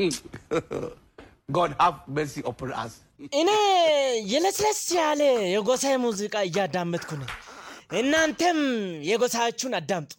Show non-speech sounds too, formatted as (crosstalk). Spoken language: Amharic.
(laughs) God have mercy upon us። እኔ የለስለስ ያለ የጎሳ ሙዚቃ እያዳመጥኩ ነው። እናንተም የጎሳያችሁን አዳምጡ።